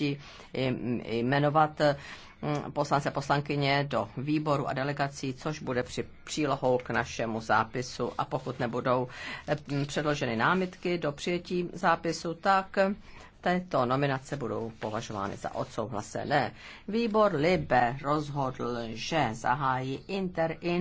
možnosti jmenovat mm, poslance poslankyně do výboru a delegací, což bude při přílohou k našemu zápisu. A pokud nebudou mm, předloženy námitky do přijetí zápisu, tak této nominace budou považovány za odsouhlasené. Výbor Libe rozhodl, že zahájí interinstitucionální